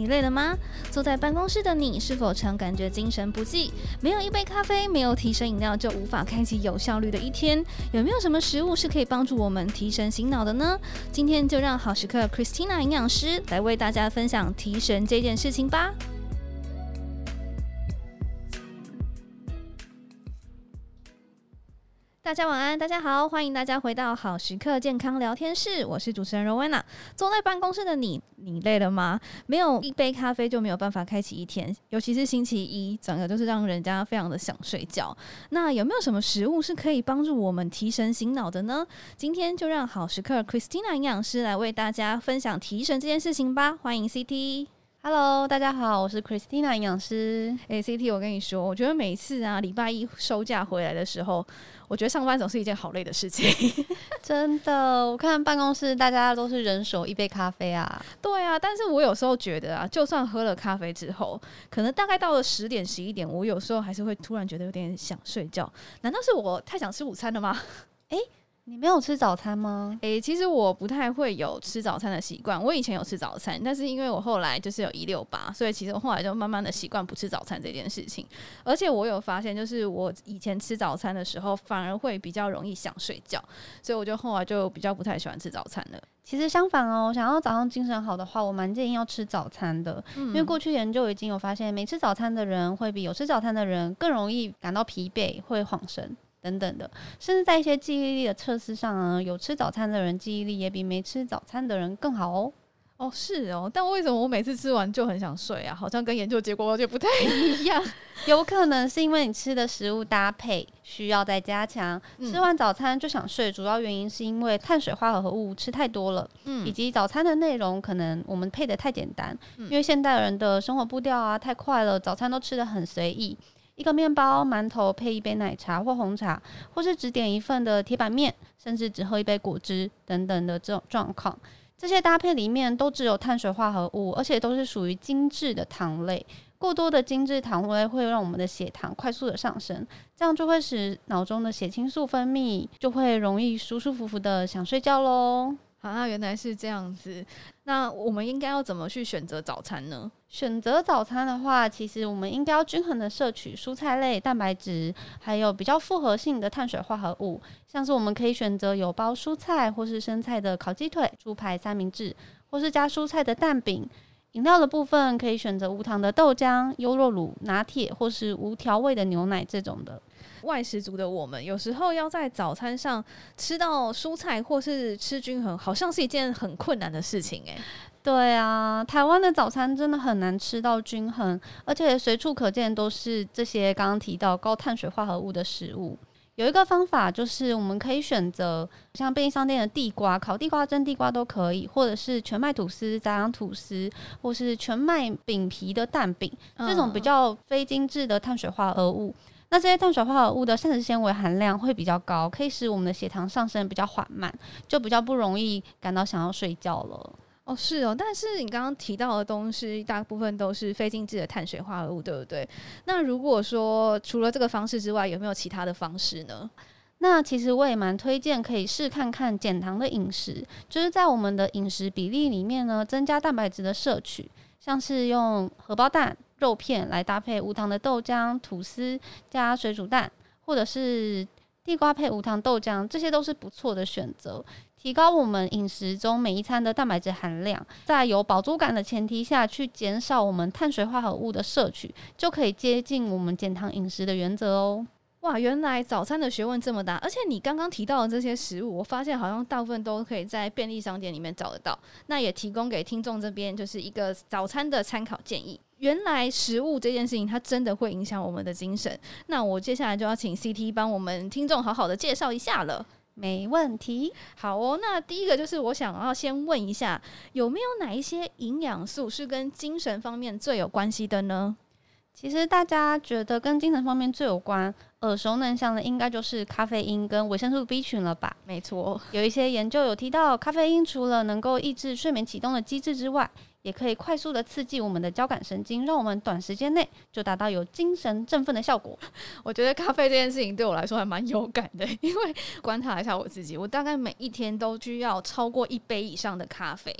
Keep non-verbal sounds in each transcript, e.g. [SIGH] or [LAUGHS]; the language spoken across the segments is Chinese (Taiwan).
你累了嗎？坐在辦公室的你，是否常感覺精神不濟？沒有一杯咖啡，沒有提神飲料，就無法開啟有效率的一天？有沒有什麼食物是可以幫助我們提神醒腦的呢？今天就讓好時刻 Christina 營養師來為大家分享提神這件事情吧。大家晚安，大家好，歡迎大家回到好時刻健康聊天室，我是主持人 Rowena。坐在辦公室的你，你累了嗎？沒有一杯咖啡就沒有辦法開啟一天，尤其是星期一，整個就是讓人家非常的想睡覺。那有沒有什麼食物是可以幫助我們提神醒腦的呢？今天就讓好時刻 Christina 營養師來為大家分享提神這件事情吧。歡迎 CT。Hello，大家好，我是 Christina 營養師。a、欸、CT 我跟你說，我覺得每次啊，禮拜一收假回來的時候，我覺得上班總是一件好累的事情。 [LAUGHS] 真的，我看辦公室大家都是人手一杯咖啡啊。對啊，但是我有時候覺得啊，就算喝了咖啡之後，可能大概到了十點十一點，我有時候還是會突然覺得有點想睡覺。難道是我太想吃午餐了嗎？欸你沒有吃早餐嗎？誒、欸，其實我不太會有吃早餐的習慣。我以前有吃早餐，但是因為我後來就是有一六八，所以其實我後來就慢慢的習慣不吃早餐這件事情。而且我有發現，就是我以前吃早餐的時候，反而會比較容易想睡覺，所以我就後來就比較不太喜歡吃早餐了。其實相反哦，想要早上精神好的話，我蠻建議要吃早餐的，嗯、因為過去研究已經有發現，沒吃早餐的人會比有吃早餐的人更容易感到疲憊，會恍神。等等的，甚至在一些記憶力的測試上呢，有吃早餐的人記憶力也比沒吃早餐的人更好哦。哦，是哦，但為什麼我每次吃完就很想睡啊？好像跟研究結果完全不太一樣。 [LAUGHS] 有可能是因為你吃的食物搭配需要再加強。嗯、吃完早餐就想睡，主要原因是因為碳水化合物吃太多了。嗯、以及早餐的內容可能我們配得太簡單，嗯、因為現代人的生活步調啊太快了，早餐都吃得很隨意。一個麵包、饅頭配一杯奶茶或紅茶，或是只點一份的鐵板麵，甚至只喝一杯果汁等等的這種狀況，這些搭配裡面都只有碳水化合物，而且都是屬於精緻的糖類。過多的精緻糖類會讓我們的血糖快速的上升，這樣就會使腦中的血清素分泌就會容易舒舒服服的想睡覺嘍。好啊，那原來是這樣子。那我們應該要怎麼去選擇早餐呢？選擇早餐的話，其實我們應該要均衡的攝取蔬菜類、蛋白質，還有比較複合性的碳水化合物，像是我們可以選擇有包蔬菜或是生菜的烤雞腿、豬排三明治，或是加蔬菜的蛋餅。飲料的部分可以選擇無糖的豆漿、優酪乳、拿鐵，或是無調味的牛奶這種的。外食族的我們，有時候要在早餐上吃到蔬菜或是吃均衡，好像是一件很困難的事情誒、欸。對啊，台灣的早餐真的很難吃到均衡，而且隨處可見都是這些剛剛提到高碳水化合物的食物。有一個方法就是我們可以選擇像便利商店的地瓜、烤地瓜、蒸地瓜都可以，或者是全麥吐司、雜糧吐司，或是全麥餅皮的蛋餅，嗯、這種比較非精致的碳水化合物。那這些碳水化合物的膳食纖維含量會比較高，可以使我們的血糖上升比較緩慢，就比較不容易感到想要睡覺了。哦，是哦。但是你剛剛提到的東西，大部分都是非精致的碳水化合物，對不對？那如果說除了這個方式之外，有沒有其他的方式呢？那其實我也蠻推薦可以試看看減糖的飲食，就是在我們的飲食比例裡面呢，增加蛋白質的攝取，像是用荷包蛋。肉片來搭配無糖的豆漿、吐司加水煮蛋，或者是地瓜配無糖豆漿，這些都是不錯的選擇。提高我們飲食中每一餐的蛋白質含量，在有飽足感的前提下去減少我們碳水化合物的攝取，就可以接近我們減糖飲食的原則哦。哇，原來早餐的學問這麼大！而且你剛剛提到的這些食物，我發現好像大部分都可以在便利商店裡面找得到。那也提供給聽眾這邊就是一個早餐的參考建議。原來食物這件事情，它真的會影響我們的精神。那我接下來就要請 CT 幫我們聽眾好好的介紹一下了。沒問題，好哦。那第一個就是我想要先問一下，有沒有哪一些營養素是跟精神方面最有關係的呢？其實大家覺得跟精神方面最有關。耳熟能詳的應該就是咖啡因跟維生素 B 群了吧？沒錯，有一些研究有提到，咖啡因除了能夠抑制睡眠啟動的機制之外，也可以快速的刺激我們的交感神經，讓我們短時間內就達到有精神振奮的效果。我覺得咖啡這件事情對我來說還蠻有感的，因為觀察一下我自己，我大概每一天都需要超過一杯以上的咖啡。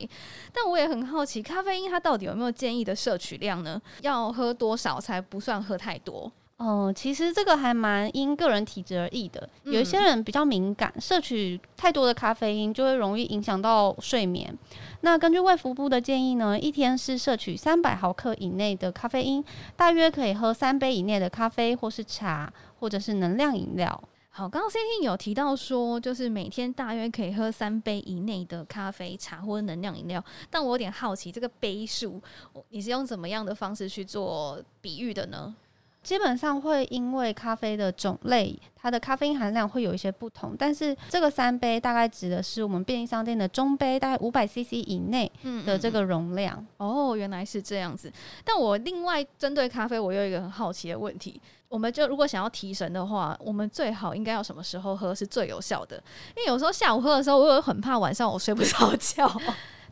但我也很好奇，咖啡因它到底有沒有建議的攝取量呢？要喝多少才不算喝太多？哦、呃，其實這個還蠻因個人體質而異的。嗯、有一些人比較敏感，攝取太多的咖啡因就會容易影響到睡眠。那根據衛福部的建議呢，一天是攝取三百毫克以內的咖啡因，大約可以喝三杯以內的咖啡，或是茶，或者是能量飲料。好，剛剛 Christina 有提到說，就是每天大約可以喝三杯以內的咖啡、茶或能量飲料。但我有點好奇，這個杯數，你是用怎麼樣的方式去做比喻的呢？基本上會因為咖啡的種類，它的咖啡因含量會有一些不同。但是這個三杯大概指的是我們便利商店的中杯，大概五百 CC 以內的這個容量。嗯嗯嗯哦，原來是這樣子。但我另外針對咖啡，我有一個很好奇的問題：我們就如果想要提神的話，我們最好應該要什麼時候喝是最有效的？因為有時候下午喝的時候，我會很怕晚上我睡不着覺。 [LAUGHS]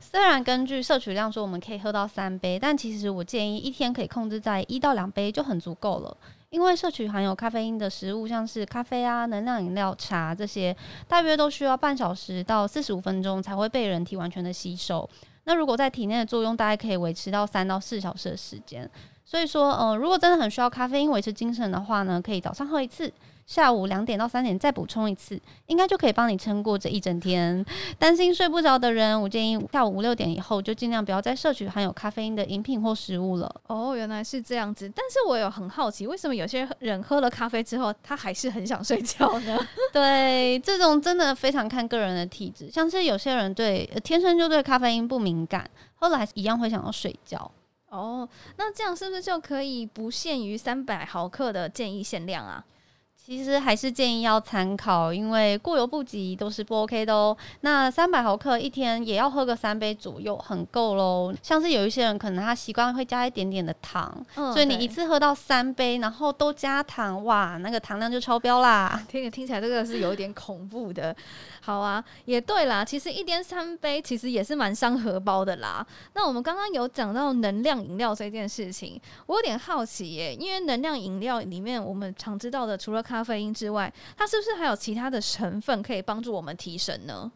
雖然根據攝取量說，我們可以喝到三杯，但其實我建議一天可以控制在一到兩杯就很足夠了。因為攝取含有咖啡因的食物，像是咖啡啊、能量飲料、茶這些，大約都需要半小時到四十五分鐘才會被人體完全的吸收。那如果在體內的作用，大概可以維持到三到四小時的時間。所以說，嗯、呃，如果真的很需要咖啡因維持精神的話呢，可以早上喝一次。下午兩點到三點再補充一次，應該就可以幫你撐過這一整天。擔心睡不着的人，我建議下午五六點以後就盡量不要再攝取含有咖啡因的飲品或食物了。哦，原來是這樣子。但是我有很好奇，為什麼有些人喝了咖啡之後，他還是很想睡覺呢？ [LAUGHS] 對，這種真的非常看個人的體質。像是有些人對、呃、天生就對咖啡因不敏感，後來還是一樣會想要睡覺。哦，那這樣是不是就可以不限於三百毫克的建議限量啊？其實還是建議要參考，因為過猶不及都是不 OK 的哦、喔。那三百毫克一天也要喝個三杯左右，很夠嘍。像是有一些人可能他習慣會加一點點的糖，嗯、所以你一次喝到三杯，然後都加糖，哇，那個糖量就超標啦。聽你聽起來這個是有一點恐怖的。好啊，也對啦，其實一天三杯其實也是蠻傷荷包的啦。那我們剛剛有講到能量飲料這件事情，我有點好奇耶、欸，因為能量飲料裡面我們常知道的，除了咖咖啡因之外，它是不是還有其他的成分可以幫助我們提神呢？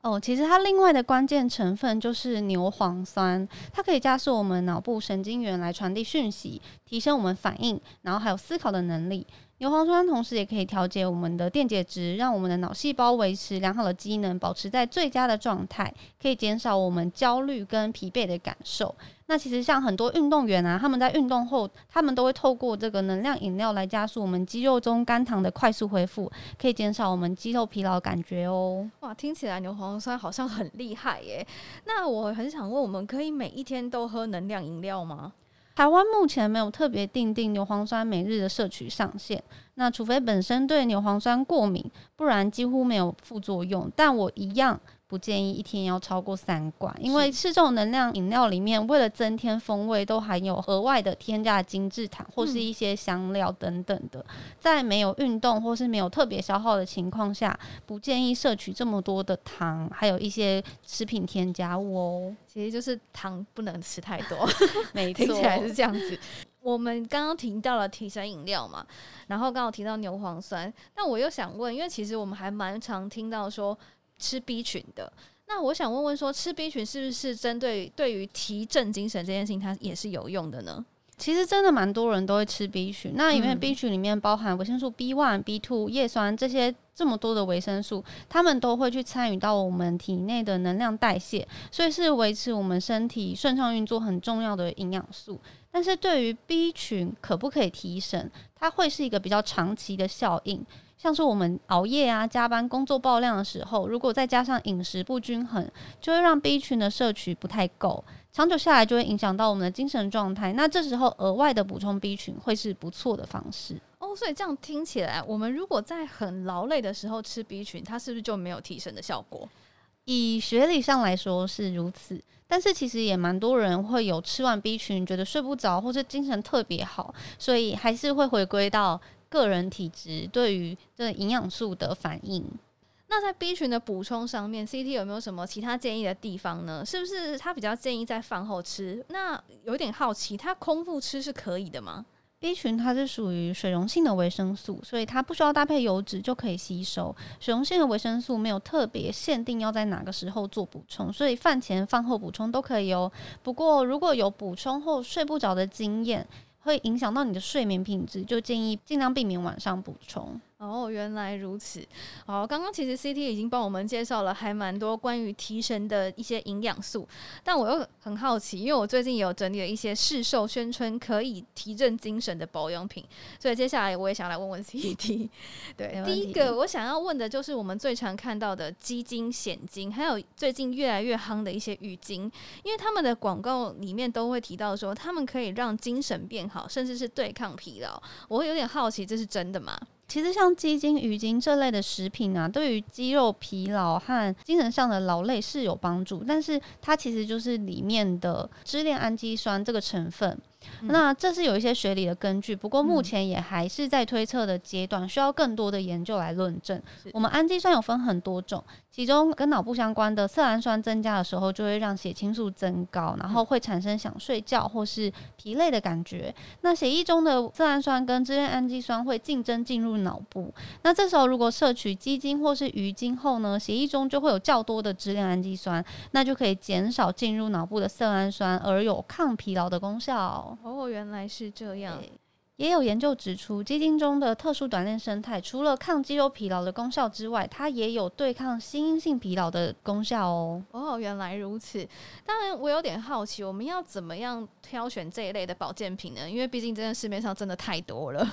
哦，其實它另外的關鍵成分就是牛磺酸，它可以加速我們腦部神經元來傳遞訊息，提升我們反應，然後還有思考的能力。牛磺酸同時也可以調節我們的電解質，讓我們的腦細胞維持良好的機能，保持在最佳的狀態，可以減少我們焦慮跟疲憊的感受。那其實像很多運動員啊，他們在運動後，他們都會透過這個能量飲料來加速我們肌肉中肝糖的快速恢復，可以減少我們肌肉疲勞感覺哦、喔。哇，聽起來牛磺酸好像很厲害耶。那我很想問，我們可以每一天都喝能量飲料嗎？台灣目前沒有特別定定牛磺酸每日的攝取上限，那除非本身對牛磺酸過敏，不然幾乎沒有副作用。但我一樣。不建議一天要超過三罐，因為是這種能量飲料裡面，為了增添風味，都含有額外的添加精製糖或是一些香料等等的。嗯、在沒有運動或是沒有特別消耗的情況下，不建議攝取這麼多的糖，還有一些食品添加物哦。其實就是糖不能吃太多， [LAUGHS] 沒錯，聽起來是這樣子。 [LAUGHS] 我們剛剛提到了提神飲料嘛，然後剛好提到牛磺酸，但我又想問，因為其實我們還蠻常聽到說。吃 B 群的，那我想問問說，吃 B 群是不是針對對於提振精神這件事情，它也是有用的呢？其實真的蠻多人都會吃 B 群，那因為 B 群裡面包含維生素 B one、嗯。B two、葉酸這些這麼多的維生素，他們都會去參與到我們體內的能量代謝，所以是維持我們身體順暢運作很重要的營養素。但是對於 B 群可不可以提神，它會是一個比較長期的效應。像是我們熬夜啊、加班、工作爆量的時候，如果再加上飲食不均衡，就會讓 B 群的攝取不太夠，長久下來就會影響到我們的精神狀態。那這時候額外的補充 B 群會是不錯的方式哦。所以這樣聽起來，我們如果在很勞累的時候吃 B 群，它是不是就沒有提神的效果？以學理上來說是如此，但是其實也蠻多人會有吃完 B 群覺得睡不着，或者精神特別好，所以還是會回歸到。個人體質對於這營養素的反應，那在 B 群的補充上面，CT 有沒有什麼其他建議的地方呢？是不是他比較建議在飯後吃？那有點好奇，他空腹吃是可以的嗎？B 群它是屬於水溶性的維生素，所以它不需要搭配油脂就可以吸收。水溶性的維生素沒有特別限定要在哪個時候做補充，所以飯前、飯後補充都可以哦。不過如果有補充後睡不着的經驗。會影響到你的睡眠品質，就建議盡量避免晚上補充。哦，原來如此。好，剛剛其實 C T 已經幫我們介紹了還蠻多關於提神的一些營養素，但我又很好奇，因為我最近有整理了一些市售宣稱可以提振精神的保養品，所以接下來我也想來問問 C T。對，第一個我想要問的就是我們最常看到的雞精、蜆精，還有最近越來越夯的一些魚精，因為他們的廣告裡面都會提到說他們可以讓精神變好，甚至是對抗疲勞。我會有點好奇，這是真的嗎？其實像雞精、魚精這類的食品啊，對於肌肉疲勞和精神上的勞累是有幫助，但是它其實就是裡面的支鏈氨基酸這個成分。嗯、那這是有一些學理的根據，不過目前也還是在推測的階段，需要更多的研究來論證。是我們氨基酸有分很多種，其中跟腦部相關的色氨酸增加的時候，就會讓血清素增高，然後會產生想睡覺或是疲累的感覺。嗯、那血液中的色氨酸跟支鏈氨基酸會競爭進入腦部，那這時候如果攝取雞精或是魚精後呢，血液中就會有較多的支鏈氨基酸，那就可以減少進入腦部的色氨酸，而有抗疲勞的功效。哦，原來是這樣。也有研究指出，雞精中的特殊短鏈胜肽，除了抗肌肉疲勞的功效之外，它也有對抗心因性疲勞的功效哦。哦，原來如此。當然，我有點好奇，我們要怎麼樣挑選這一類的保健品呢？因為畢竟，真的市面上真的太多了。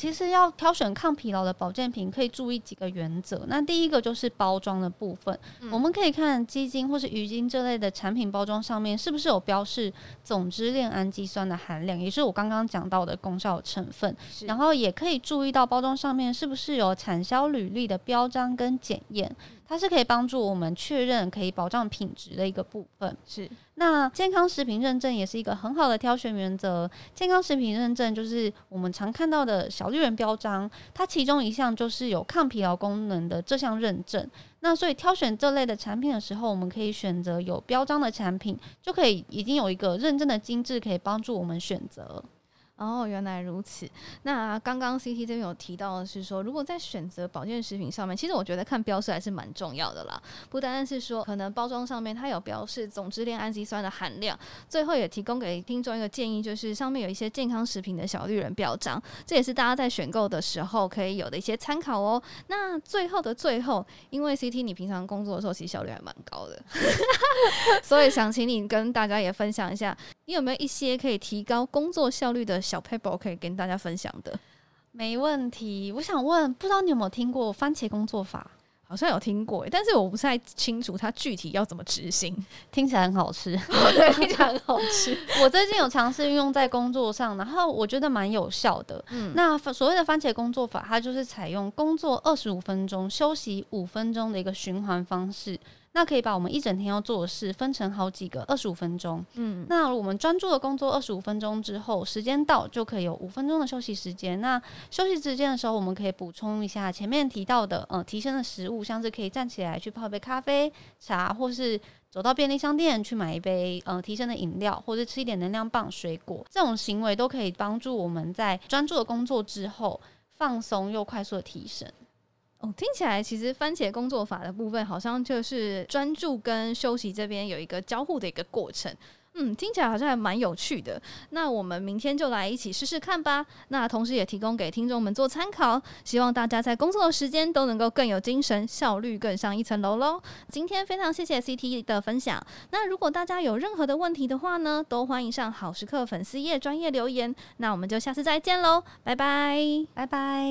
其實要挑選抗疲勞的保健品，可以注意幾個原則。那第一個就是包裝的部分，嗯、我們可以看雞精或是魚精這類的產品包裝上面是不是有標示總支鏈氨基酸的含量，也是我剛剛講到的功效的成分。是然後也可以注意到包裝上面是不是有產銷履歷的標章跟檢驗。嗯它是可以幫助我們確認可以保障品質的一個部分是，是那健康食品認證也是一個很好的挑選原則。健康食品認證就是我們常看到的小綠人標章，它其中一項就是有抗疲勞功能的這項認證。那所以挑選這類的產品的時候，我們可以選擇有標章的產品，就可以已經有一個認證的機制可以幫助我們選擇。哦，原來如此。那剛剛 C T 這邊有提到的是說，如果在選擇保健食品上面，其實我覺得看標識還是蠻重要的啦。不單單是說可能包裝上面它有標示總支鏈胺基酸的含量，最後也提供給聽眾一個建議，就是上面有一些健康食品的小綠人標章，這也是大家在選購的時候可以有的一些參考哦、喔。那最後的最後，因為 C T 你平常工作的時候其實效率還蠻高的， [LAUGHS] [LAUGHS] 所以想請你跟大家也分享一下。你有沒有一些可以提高工作效率的小撇步，可以跟大家分享的？沒問題，我想問，不知道你有沒有聽過番茄工作法？好像有聽過，但是我不太清楚它具體要怎麼執行。。 [LAUGHS] 聽起來很好吃，對，聽起來很好吃。我最近有嘗試運用在工作上，然後我覺得蠻有效的。嗯，那所謂的番茄工作法，它就是採用工作二十五分鐘、休息五分鐘的一個循環方式。那可以把我們一整天要做的事分成好幾個，二十五分鐘。嗯，那我們專注的工作二十五分鐘之後，時間到就可以有五分鐘的休息時間。那休息時間的時候，我們可以補充一下前面提到的，嗯、呃，提神的食物，像是可以站起來去泡一杯咖啡、茶，或是走到便利商店去買一杯，嗯、呃，提神的飲料，或者吃一點能量棒、水果。這種行為都可以幫助我們在專注的工作之後放鬆又快速的提神。哦，聽起來其實番茄工作法的部分，好像就是專注跟休息這邊有一個交互的一個過程。嗯，聽起來好像還蠻有趣的。那我們明天就來一起試試看吧。那同時也提供給聽眾們做參考，希望大家在工作的時間都能夠更有精神，效率更上一層樓嘍。今天非常謝謝 CT 的分享。那如果大家有任何的問題的話呢，都歡迎上好時刻粉絲頁專業留言。那我們就下次再見嘍，拜拜，拜拜。